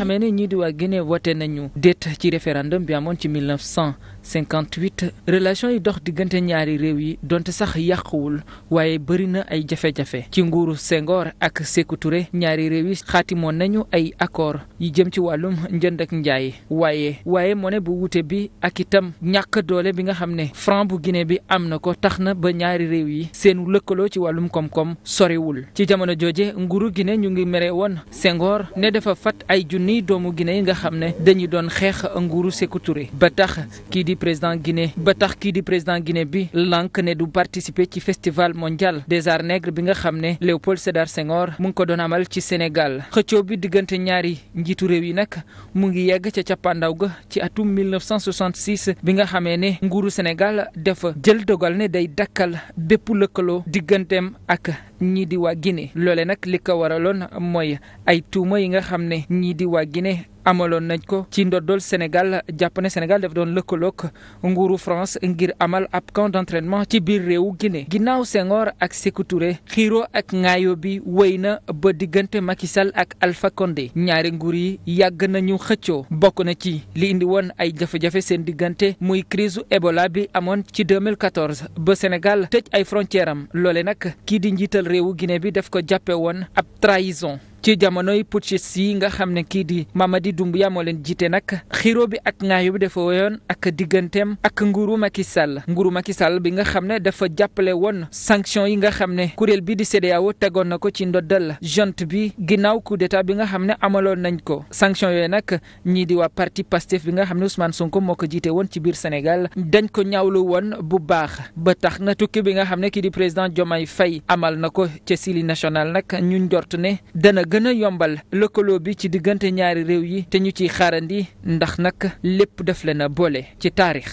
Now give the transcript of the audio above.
xamee ne ñii di waa Guinée woote nañu déet ci référendum bi amoon ci 1958 relation yi dox diggante ñaari réew yi donte sax yàquwul waaye bëri na ay jafe-jafe ci nguuru sengoor ak Sékou ñaari réew yi xaatimoon nañu ay accord yi jëm ci wàllum njënd ak njaay waaye waaye moo ne bu wuute bi ak itam ñàkk doole bi nga xam ne franc bu Guinée bi am na ko tax na ba ñaari réew yi seen lëkkaloo ci wàllum koom-koom soriwul ci jamono jooje nguuru Guinée ñu ngi mere ni doomu Guinée yi nga xam ne dañu doon xeex nguuru Sékou Touré ba tax kii di président Guinée ba tax kii di président Guinée bi lànk ne du participer ci festival mondial des arts bi nga xam ne Léopold Sédar Senghor mu ngi ko doon amal ci Sénégal xëccoo bi diggante ñaari njiitu réew yi nag mu ngi yegg ca cappaandaw ga ci atum 1966 bi nga xamee ne nguuru Sénégal dafa jël dogal ne day dakkal bépp lëkkaloo digganteem ak ñii di waa Guinée loole nag li ko waraloon mooy ay tuuma yi nga xam ne ñii di waa waa amaloon nañ ko ci ndoddol Sénégal jàpp ne Sénégal daf doon lëkkaloog nguuru France ngir amal ab camp d'entraînement ci biir réewu ginne ginnaaw Senghor ak Sékou Touré xiiroo ak ŋaayo bi wéy na ba diggante Macky Sall ak Alpha Condé ñaari nguur yi yàgg nañu xëccoo bokk na ci li indi woon ay jafe-jafe seen diggante muy crise ébola bi amoon ci 2014 ba Sénégal tëj ay frontière am loole nag kii di njiital réewu Guinée bi daf ko jàppe woon ab trahison ci jamonoy putschistes yi nga xam ne kii di Mamadi Doumbouya moo leen jiite nag xiroo bi ak ngaayo bi dafa woyoon ak digganteem ak nguuru Macky Sall nguru Macky Sall bi nga xam ne dafa jàppale woon sanction yi nga xam ne kuréel bi di CEDEAO tegoon na ko ci ndoddal junte bi ginnaaw coup d'état bi nga xam ne amaloon nañ ko sanction yooyu nag ñii di waa parti Pastef bi nga xam ne Ousmane Sonko moo ko jiite woon ci biir Sénégal dañ ko ñaawlu woon bu baax ba tax na tukki bi nga xam ne kii di président Diomaye Faye amal na ko ca Syli national nag ñu njort gën a yombal lëkkaloo bi ci diggante ñaari réew yi te ñu ciy xaarandi ndax nag lépp def leen a boole ci taarix